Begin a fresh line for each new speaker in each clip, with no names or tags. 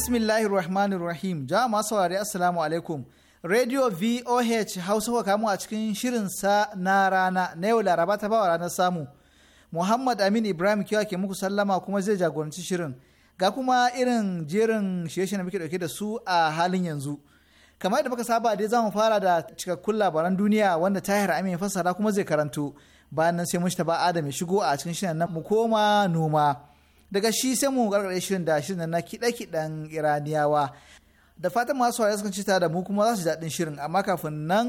Bismillahirrahmanirrahim. Jama'a masu saurari Assalamu alaikum. Radio VOH Hausa kuka kamu a cikin shirin sa na rana na yau Laraba ta bawa ranar samu. Muhammad Amin Ibrahim kiwa ke muku sallama kuma zai jagoranci shirin. Ga kuma irin jerin shirye da muke dauke da su a halin yanzu. Kamar yadda muka saba dai zamu fara da cikakkun labaran duniya wanda Tahir Amin fassara kuma zai karanto. Bayan nan sai ba Adam ya shigo a cikin shirin nan mu koma noma. daga shi sai mu gargaɗe shirin da shirin na kiɗe-kiɗen iraniyawa da fatan masu saurari sukan ci da mu kuma za su daɗin shirin amma kafin nan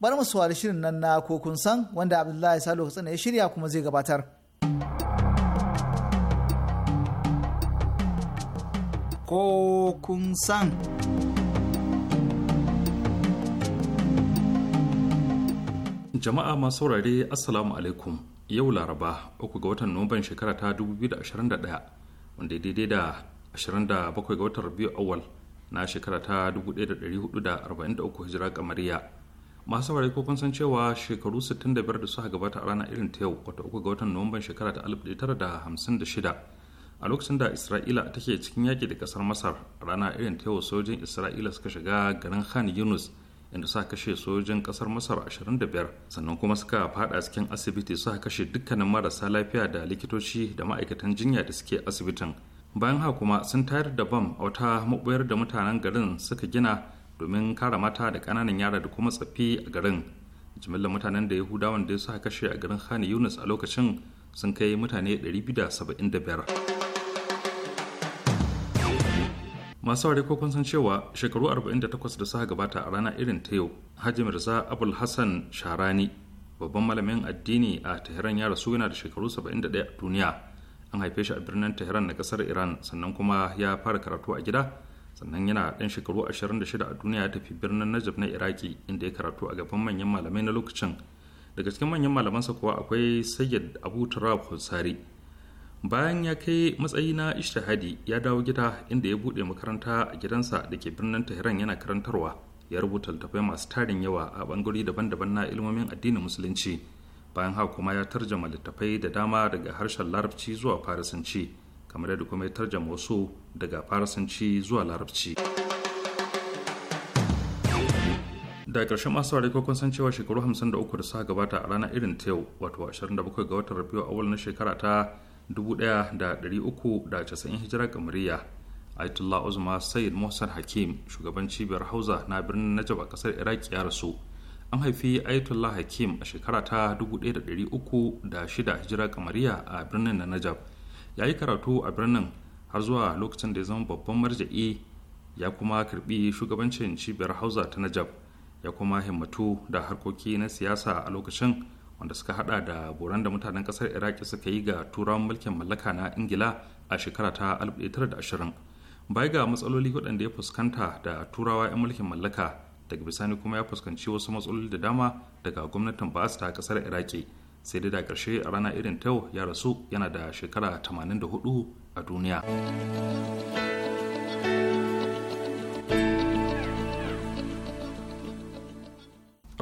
bari mu saurari shirin nan na kokun san wanda abdullahi salo katsina ya shirya kuma zai gabatar kokun san
jama'a masu saurare assalamu alaikum yau laraba 3 ga watan nuwamban shekara ta 2021 wanda daidai da 27 ga watan rabiu awal na shekara ta 1443 hijira kamariya masu saurari ko kun san cewa shekaru 65 da suka gabata a rana irin ta yau wata 3 ga watan nuwamban shekara ta 1956 a lokacin da isra'ila take cikin yaki da kasar masar rana irin ta yau sojin isra'ila suka shiga garin khan yunus inda suka kashe sojojin kasar masar 25 sannan kuma suka fada cikin asibiti suka kashe dukkanin marasa lafiya da likitoci da ma'aikatan jinya da suke asibitin bayan haka kuma sun tayar da bam a wata mabuyar da mutanen garin suka gina domin kare mata da ƙananan yara da kuma tsafi a garin jimillar mutanen da yahudawan da suka kashe a garin khan yunus a lokacin sun kai mutane 275 masu ware kun san cewa shekaru 48 da suka gabata a rana irin ta yau hajji mirza abul hassan sharani babban malamin addini a tehran ya rasu yana da shekaru 71 a duniya an haife shi a birnin tehran na kasar iran sannan kuma ya fara karatu a gida sannan yana ɗan shekaru 26 a duniya ya tafi birnin Najaf na iraki inda ya karatu a gaban manyan malamai na lokacin daga cikin manyan malamansa kuwa akwai sayyid abu turab hussari bayan ya kai matsayi na ishtihadi ya dawo gida inda ya buɗe makaranta a gidansa da ke birnin tehran yana karantarwa ya rubuta littattafai masu tarin yawa a bangarori daban-daban na ilmomin addinin musulunci bayan haka kuma ya tarjama littattafai da dama daga harshen larabci zuwa farisanci kamar yadda kuma ya tarjama wasu daga farisanci zuwa larabci da ƙarshen masu ware kun san cewa shekaru 53 da suka gabata a ranar irin ta yau wato 27 ga watan rabiu awal na shekara ta 1390 hijira kamariya Ayatollah Uzma Sayyid Mohsen Hakim shugaban cibiyar Hausa na birnin najab a kasar Iraq ya rasu an haifi Ayatollah Hakim a shekara ta 1306 hijira kamariya a birnin na Najaf ya yi karatu a birnin har zuwa lokacin da ya zama babban marja'i ya kuma karbi shugabancin cibiyar Hausa ta najab ya kuma himmatu da harkoki na siyasa a lokacin wanda suka hada da boran da mutanen kasar iraki suka yi ga turawan mulkin mallaka na ingila a shekara ta 1920 bai ga matsaloli waɗanda ya fuskanta da turawa 'yan mulkin mallaka daga bisani kuma ya fuskanci wasu matsaloli da dama daga gwamnatin ba ta kasar iraki sai dai da ƙarshe a rana irin ta ya rasu yana da shekara 84 a duniya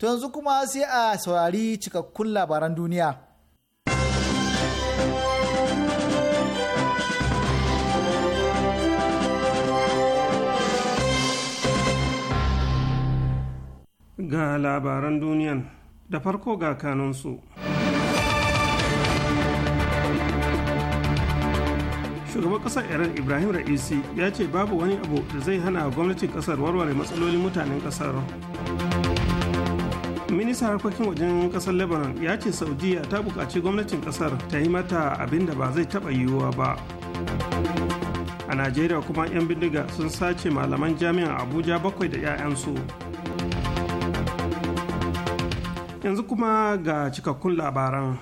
To yanzu kuma sai a saurari cikakkun labaran duniya.
Ga labaran duniyan da farko ga kanunsu. shugaban kasar iran ibrahim ra'isi ya ce babu wani abu da zai hana gwamnatin kasar warware matsalolin mutanen kasar ministan harkokin wajen kasar lebanon ya ce saudiya ta buƙaci gwamnatin kasar ta yi mata abin da ba zai taɓa yiwuwa ba a najeriya kuma 'yan bindiga sun sace malaman jami'an abuja bakwai da 'ya'yansu yanzu kuma ga cikakkun labaran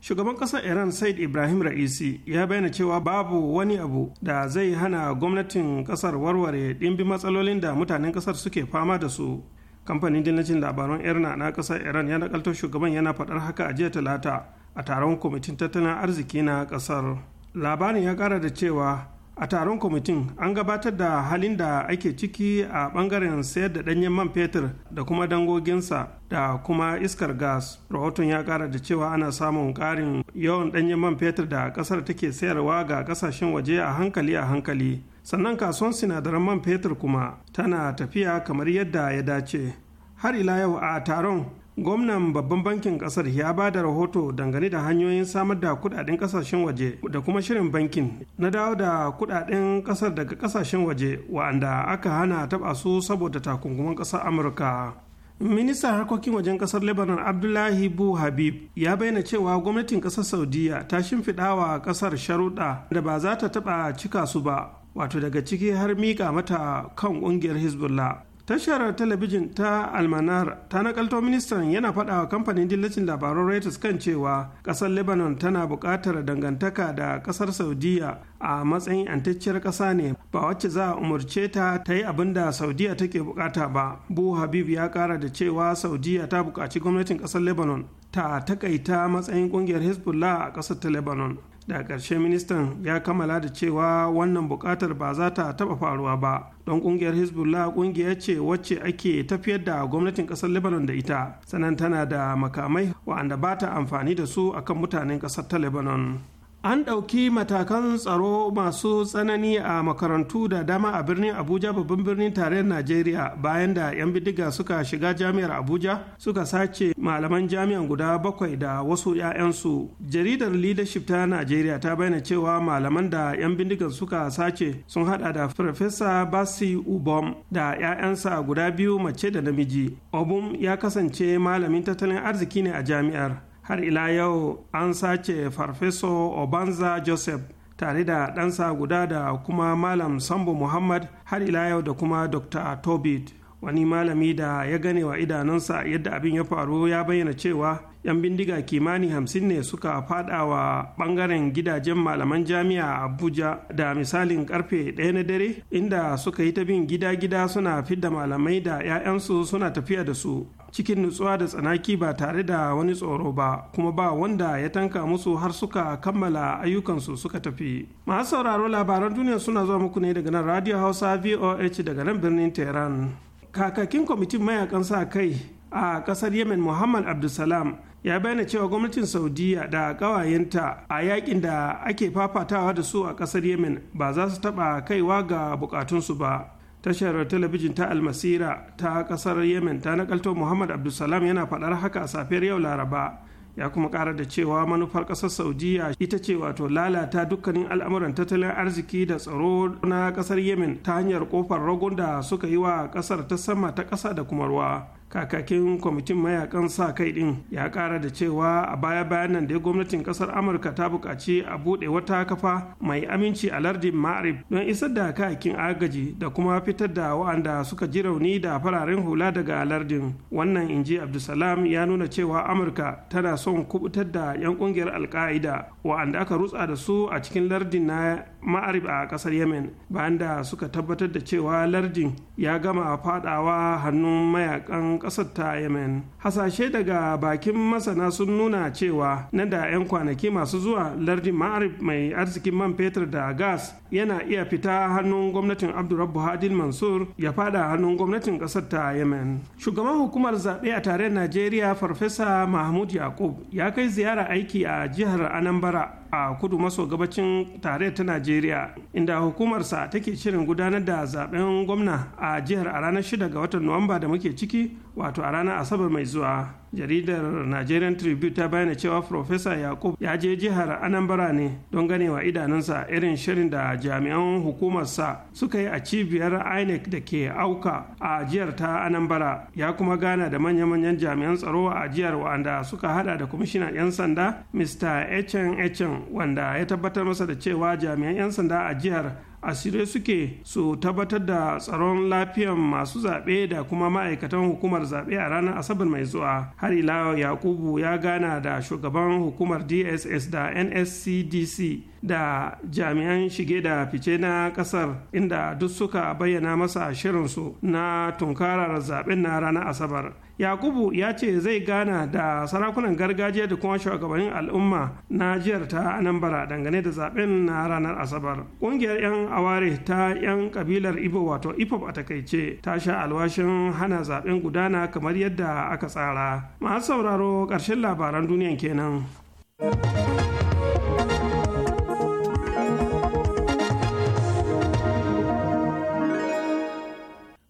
shugaban ƙasar iran said ibrahim ra'isi ya bayyana cewa babu wani abu da zai hana gwamnatin ƙasar warware ɗimbi matsalolin da mutanen ƙasar suke fama da su kamfanin dillacin labaran irna na ƙasar iran ya nakaltar shugaban yana faɗar haka a jiya talata a taron kwamitin tattalin arziki na ƙasar labarin ya ƙara da cewa a taron kwamitin an gabatar da halin da ake ciki a bangaren sayar da danyen man fetur da kuma dangoginsa da kuma iskar gas rahoton ya kara da cewa ana samun karin yawan danyen man fetur da kasar take sayarwa ga kasashen waje a hankali a hankali sannan kasuwan sinadaran man fetur kuma tana tafiya kamar yadda ya dace har ila yau a taron gwamnan babban bankin kasar ya ba da rahoto dangane da hanyoyin samar da kudaden kasashen waje da kuma shirin bankin na dawo da kudaden kasar daga kasashen waje wa'anda aka hana taba su saboda takunguman kasar amurka ministan harkokin wajen kasar lebanon abdullahi bu habib ya bayyana cewa gwamnatin kasar saudiya ta shimfiɗa wa kasar sharuɗa da ba za ta taɓa cika su ba wato daga ciki har miƙa mata kan ƙungiyar hezbollah tashar talabijin ta almanar ta nakalto ministan yana faɗa wa kamfanin dillacin labarun reuters kan cewa ƙasar lebanon tana buƙatar dangantaka da ƙasar saudiya a matsayin antacciyar ƙasa ne ba wacce za a umarce ta ta yi abin da saudiya take buƙata ba bu habib ya kara da cewa saudiya ta buƙaci gwamnatin ƙasar lebanon ta takaita matsayin ƙungiyar hezbollah a ƙasar ta lebanon da ƙarshe ministan ya kammala da cewa wannan buƙatar ba za ta taɓa faruwa ba don ƙungiyar hezbollah ƙungiya ce wacce ake tafiyar da gwamnatin ƙasar lebanon da ita sannan tana da makamai wa'anda ba ta amfani da su akan mutanen ƙasar ta lebanon an ɗauki matakan tsaro masu tsanani a makarantu da dama a birnin abuja babban birnin tarayyar najeriya bayan da 'yan bidiga suka shiga jami'ar abuja suka sace malaman jami'an guda bakwai da wasu 'ya'yansu jaridar leadership ta najeriya ta bayyana cewa malaman da 'yan bindigan suka sace sun hada da farfesa basi ubom da 'ya'yansa guda biyu mace da namiji obum ya kasance malamin tattalin arziki ne a jami'ar har ila yau an sace farfeso obanza joseph tare da ɗansa guda da kuma malam sambo muhammad har ila yau da kuma dr tobit wani malami da ya gane wa idanunsa yadda abin ya faru ya bayyana cewa 'yan bindiga kimani hamsin ne suka fada wa bangaren gidajen malaman jami'a abuja da misalin karfe ɗaya na dare inda suka yi ta bin gida-gida suna fidda malamai da 'ya'yansu suna tafiya da su cikin nutsuwa da tsanaki ba tare da wani tsoro ba kuma ba wanda ya tanka musu har suka kammala ayyukansu suka tafi masu sauraro labaran duniya suna zuwa muku ne daga nan radio hausa voh daga nan birnin tehran kakakin kwamitin mayakan sa kai a kasar yemen muhammad abdulsalam ya bayyana cewa gwamnatin saudiya da ƙawayenta a yakin da ake fafatawa da su a kasar yemen ba za su taɓa kaiwa ga bukatunsu ba tashar talabijin ta almasira ta kasar yemen ta nakalto muhammad abdulsalam yana faɗar haka a safiyar yau laraba ya kuma ƙara da cewa manufar ƙasar saudiya ita ce wato lalata dukkanin al'amuran tattalin arziki da tsaro na ƙasar yemen ta hanyar ƙofar ragon da suka yi wa ƙasar ta sama ta ƙasa da kuma ruwa kakakin kwamitin mayakan sa kai din ya kara da cewa a baya bayan nan da gwamnatin kasar amurka ta buƙaci a buɗe wata kafa mai aminci a lardin maarif don isar da kayakin agaji da kuma fitar da wa'anda suka ji rauni da fararen hula daga lardin wannan inji abdulsalam ya nuna cewa amurka tana son kubutar da 'yan kungiyar alka'ida wa'anda aka rutsa da su a cikin lardin na ma'arib a kasar yemen bayan da suka tabbatar da cewa lardin ya gama fadawa hannun mayakan ƙasar ta yemen hasashe daga bakin masana sun nuna cewa nan da 'yan kwanaki masu zuwa lardin ma'arif mai arzikin man fetur da gas yana iya fita hannun gwamnatin abdurrabbu Hadin mansur ya fada hannun gwamnatin ƙasar ta yemen shugaban hukumar zaɓe a tare najeriya farfesa mahmud yakub ya kai ziyara aiki a jihar anambra a kudu maso gabacin tare ta najeriya inda hukumarsa take shirin gudanar da zaben gwamna a jihar a ranar 6 ga watan nuwamba da muke ciki wato a ranar asabar mai zuwa jaridar nigerian tribute ta bayyana cewa profesa yakub ya je jihar anambra ne don ganewa idanunsa irin shirin da jami'an hukumarsa suka yi a cibiyar inec da ke auka a jihar ta anambra ya kuma gana da manya-manyan jami'an tsaro a jihar wanda suka hada da kwamishinan 'yan sanda mr echen echen wanda ya tabbatar masa da cewa jami'an 'yan sanda a jihar asirai suke su tabbatar da tsaron lafiyan masu zaɓe da kuma ma'aikatan hukumar zaɓe a ranar asabar mai zuwa har ila yakubu ya gana da shugaban hukumar dss da nscdc da jami'an shige da fice na kasar inda duk suka bayyana masa shirinsu na tunkarar zaben na ranar asabar yakubu ya ce zai gana da sarakunan gargajiya da kuma shugabannin al'umma na jihar ta anambra dangane da zaben na ranar asabar ƙungiyar 'yan aware ta 'yan kabilar ibo wato ipop a takaice ta sha alwashin hana zaben gudana kamar yadda aka tsara masu sauraro ƙarshen labaran duniyan kenan.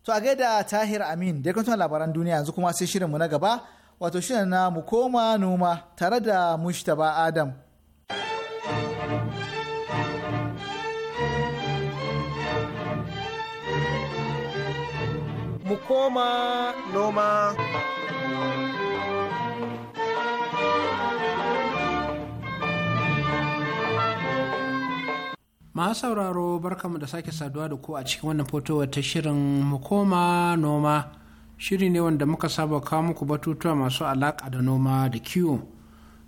To a gaida Tahir Amin da ya kantuna labaran duniya yanzu kuma sai shirinmu na gaba wato shirin na mu koma noma tare da Mushtaba Adam.
Mu koma noma.
masu sauraro barkamu da sake saduwa da ku a cikin wannan fotowar ta shirin koma noma shiri ne wanda muka saba kawo muku batutuwa masu alaƙa da noma da kiwo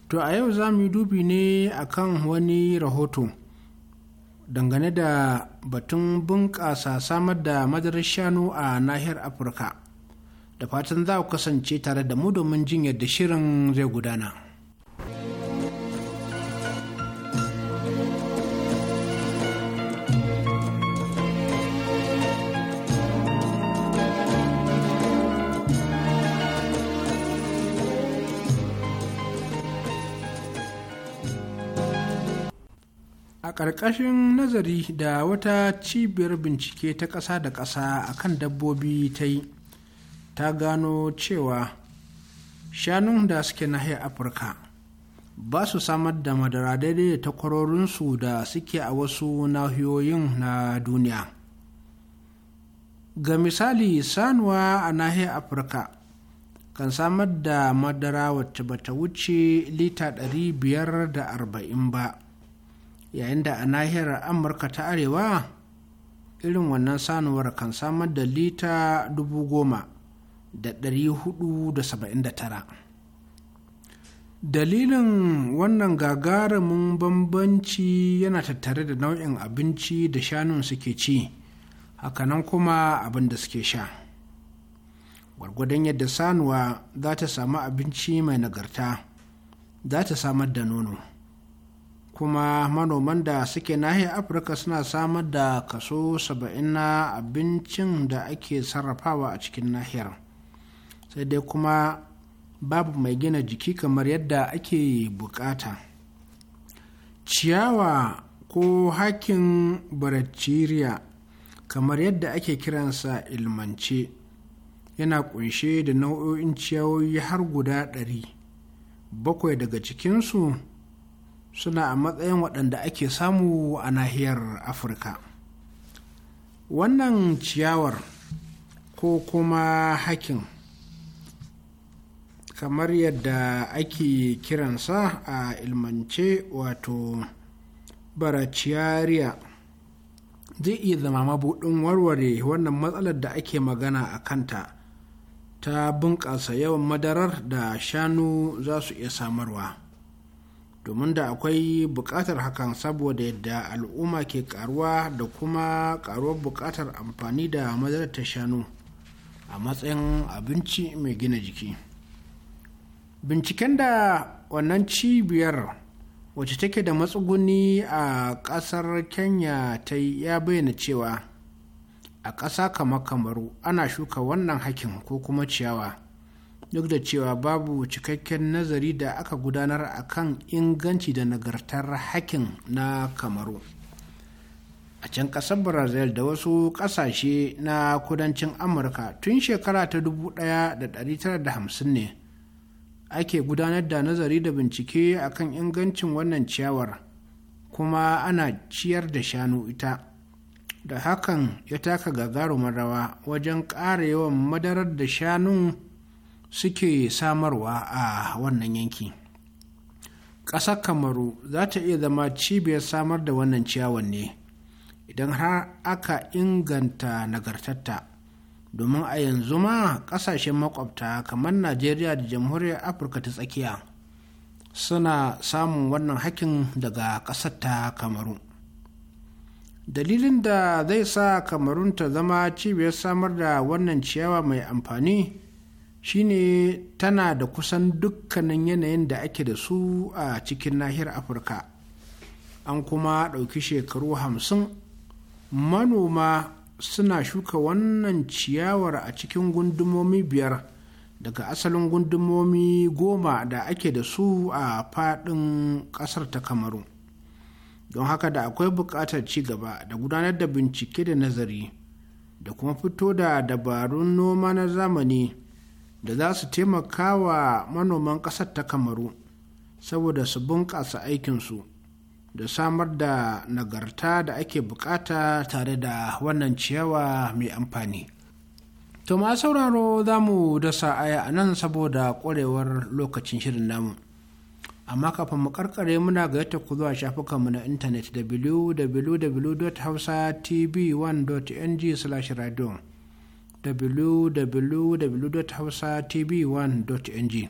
to a yau za mu yi dubi ne akan wani rahoto dangane da batun bunƙasa samar da madarar shanu a nahiyar afirka da fatan za ku kasance tare da mu domin jin yadda shirin zai gudana. a ƙarƙashin nazari da wata cibiyar bincike ta ƙasa da ƙasa a kan dabbobi ta yi ta gano cewa shanun da suke nahiyar afirka ba su samar da madara daidai da takwarorinsu da suke a wasu nahiyoyin na duniya ga misali sanuwa a nahiyar afirka kan samar da madara wacce bata wuce lita 540 ba yayin da a nahiyar amurka ta arewa irin wannan sanuwar kan samar da lita dubu goma da ɗari hudu da saba'in da tara dalilin wannan gagarumin bambanci yana tattare da nau'in abinci da shanun suke ci hakanan kuma abin da suke sha gwargwadon yadda sanuwa za ta samu abinci mai nagarta za ta samar da nono kuma manoman da suke nahiyar afirka suna samar da kaso 70 na abincin da ake sarrafawa a cikin nahiyar sai dai kuma babu mai gina jiki kamar yadda ake bukata ciyawa ko hakin brachyria kamar yadda ake kiransa ilmance yana kunshe da nau'o'in ciyawoyi har guda ɗari bakwai daga cikinsu suna a matsayin waɗanda ake samu a nahiyar afirka wannan ciyawar ko kuma hakin kamar yadda ake kiransa a ilmance wato baraciyariya zai iya zama mabuɗin warware wannan matsalar da ake magana a kanta ta bunƙasa yawan madarar da shanu za su iya samarwa. domin da akwai buƙatar hakan saboda yadda al'umma ke karuwa da kuma karuwar buƙatar amfani da madarar ta shanu a matsayin abinci mai gina jiki binciken da wannan cibiyar wacce take da matsuguni a ƙasar kenya ta ya bayyana cewa a ƙasa kamar kamaru ana shuka wannan hakin ko kuma ciyawa duk da cewa babu cikakken nazari da aka gudanar a kan inganci da nagartar hakin na kamaru a can ƙasar brazil da wasu ƙasashe na kudancin amurka tun shekara ta 1950 ne ake gudanar da nazari da bincike a kan ingancin wannan ciyawar kuma ana ciyar da shanu ita da hakan ya taka gagarumar rawa wajen ƙara yawan madarar da shanun suke samarwa a wannan yanki ƙasar kamaru za ta iya zama cibiyar samar da wannan ciyawan ne idan har aka inganta nagartatta domin a yanzu ma ƙasashen makwabta kamar najeriya da jamhuriyar afirka ta tsakiya suna samun wannan hakin daga ƙasar ta kamaru dalilin da zai sa kamarun ta zama cibiyar samar da wannan ciyawa mai amfani shine tana da kusan dukkanin yanayin da ake da su a cikin nahiyar afirka an kuma ɗauki shekaru hamsin manoma suna shuka wannan ciyawar a cikin gundumomi biyar daga asalin gundumomi goma da ake da su a faɗin ƙasar ta kamaru don haka da akwai buƙatar ci gaba da gudanar da bincike da nazari da kuma fito da dabarun noma na zamani da za su taimaka wa manoman ƙasar ta kamaru saboda su bunƙasa aikinsu da samar da nagarta da ake bukata tare da wannan ciyawa mai amfani to ma sauraro za mu dasa aya a nan saboda ƙwarewar lokacin shirin namu amma kafin mu karkare muna ga yadda ku zuwa shafukanmu na intanet www.hausatv1.ng/radio www.hausatv1.ng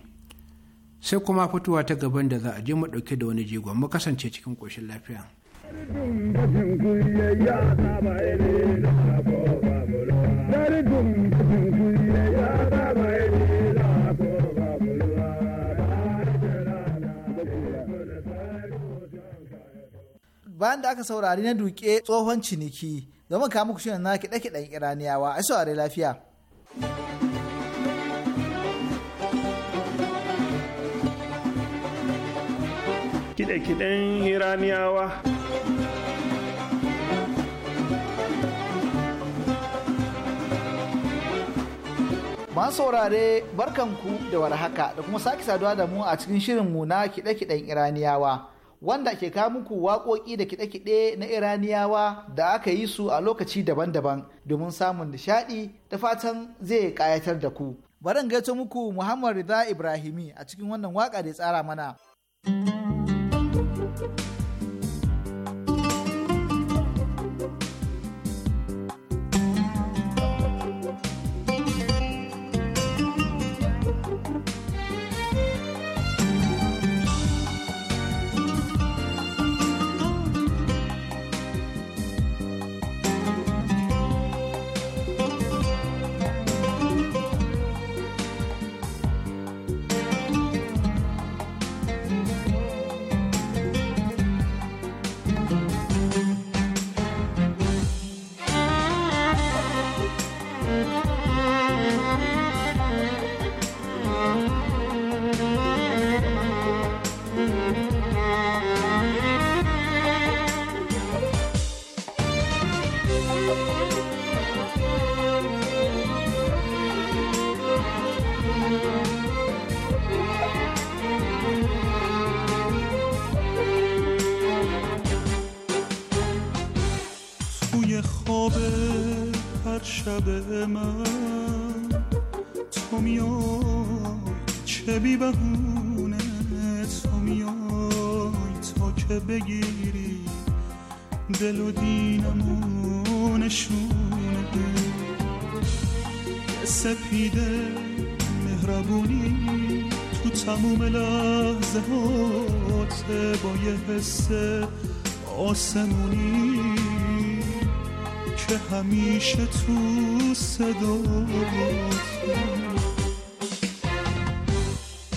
sai kuma fitowa ta gaban da za a je mu dauke da wani jigon mu kasance cikin koshin lafiya.
bayan da aka saurari na duke tsohon ciniki domin kawo muku shirin na kiɗe-kiɗen iraniyawa a saurari lafiya.
Kiɗe-kiɗen
iraniyawa Masu saurare barkanku da warhaka da kuma sake saduwa da mu a cikin shirinmu na kiɗe-kiɗen iraniyawa. wanda ke kawo muku waƙoƙi da kiɗe-kiɗe na iraniyawa da aka yi su a lokaci daban-daban domin samun nishaɗi da fatan zai ƙayatar da ku bari in gaito muku muhammad rida ibrahimi a cikin wannan waƙa da ya tsara mana
نشونه سپیده مهربونی تو تموم لحظه با یه حس آسمونی که همیشه تو صدات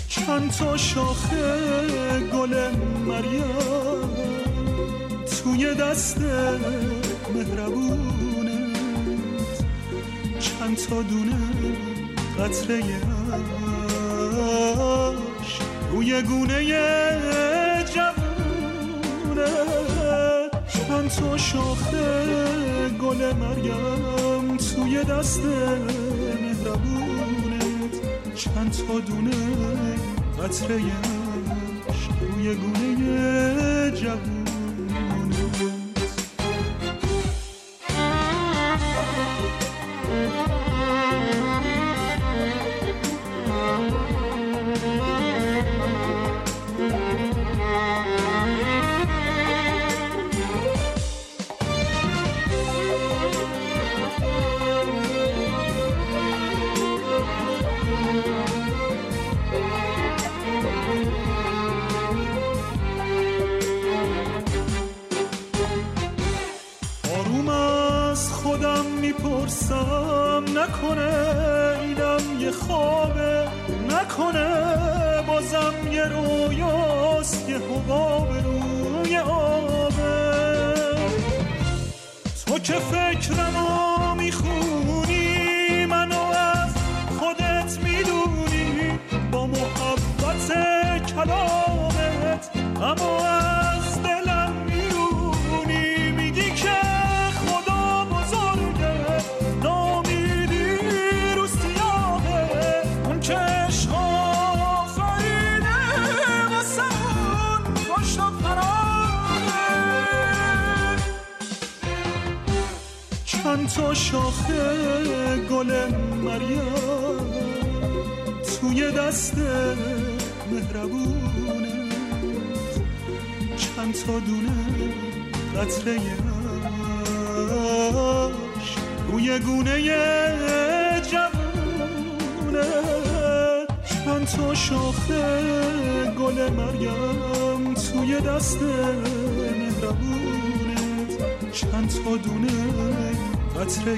چند تا شاخه گل مریم توی دست مهربون چند تا دونه قطره اش روی گونه جوونه چند تا شاخه گل مریم توی دست مهربونت چند تا دونه قطره اش روی گونه جوونه کلامت اما از دلم میرونی میگی که خدا بزرگه نامیدی روز سیاهه اون که عشق
آفریده واسه اون پشت پرانه
چند تا شاخه گل مریم توی دسته مهربونه چند تا دونه قطره اش روی گونه جوونه چند تا شاخه گل مریم توی دست مهربونت چند تا دونه قطره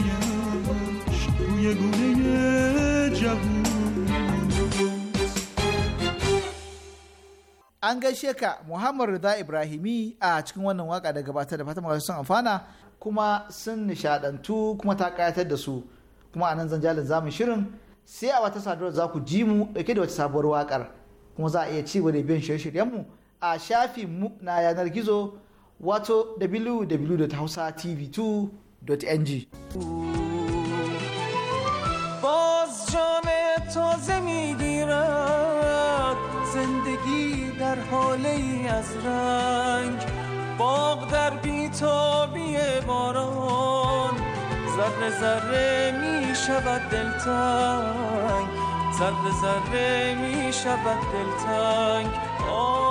اش روی گونه an gaishe ka Muhammad Rida Ibrahimi a cikin wannan waka da gabatar da fatan masu sun amfana kuma sun nishadantu kuma ta kayatar da su kuma a nan zan jalin zamu shirin sai a wata sadarwar za ku ji mu dauke da wata sabuwar wakar kuma za a iya ci da biyan shirye mu a shafin mu na yanar gizo wato www.hausatv2.ng باز جان تازه میدی
در حاله ای از رنگ باغ در بیتابی باران ذره ذره می شود دلتنگ ذره ذره می شود دلتنگ آه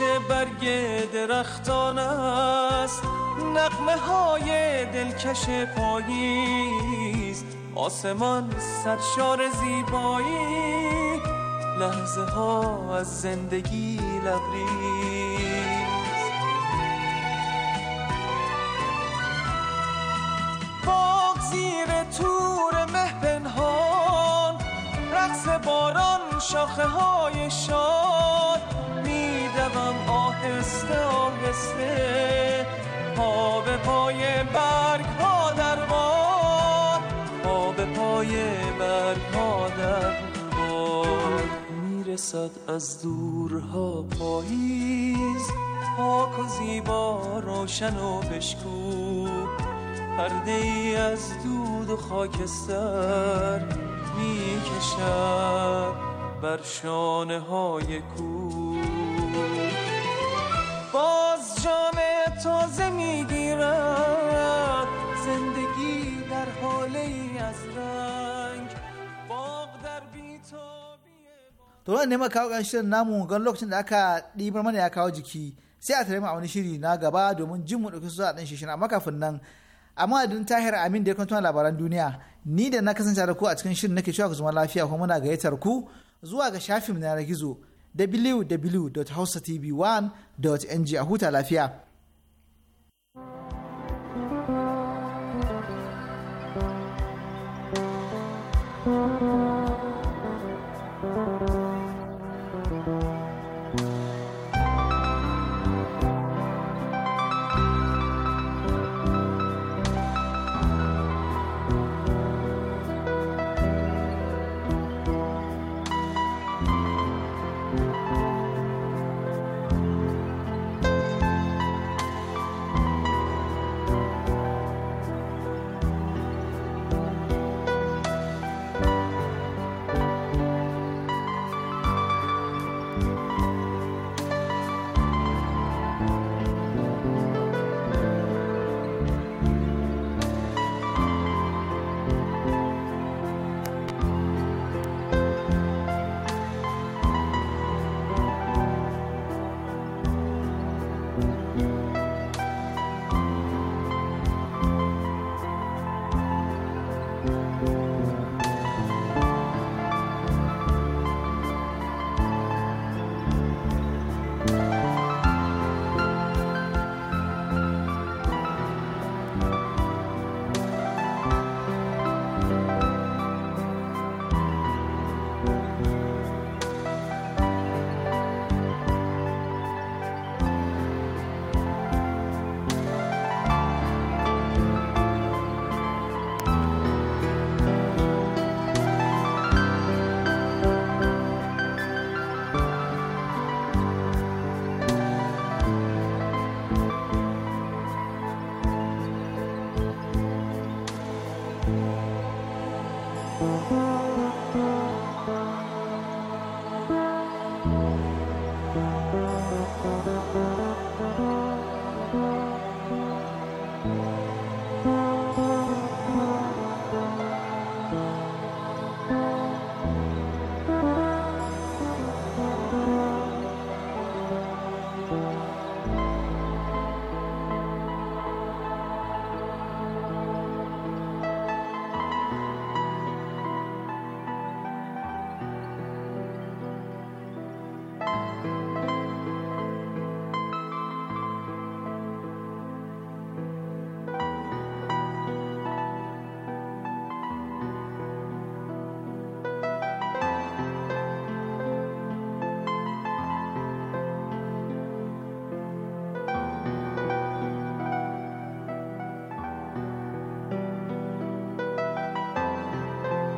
برگ درختان است نقمه های دلکش پاییز آسمان سرشار زیبایی لحظه ها از زندگی لبریز باغ زیر تور مهبنهان رقص باران شاخه های آهسته آهسته پا به پای برگ ها در باد پا به پای برگ ها در باد میرسد از دورها پاییز پاک و زیبا روشن و بشکو پرده ای از دود و خاکستر میکشد بر شانه های کو باز جان تازه میگیرد زندگی در حاله ای از رنگ باغ در بیتابی
ne ma kawo shirin namu ga lokacin da aka ɗibar mana ya kawo jiki sai a tare mu a wani shiri na gaba domin jin mu ɗauki su a ɗan shishin amma kafin nan amma adin tahir amin da ya kwantuna labaran duniya ni da na kasance da ku a cikin shirin nake cewa ku zama lafiya kuma muna gayyatar ku zuwa ga shafin na gizo www.hausatv1.ng a huta lafiya.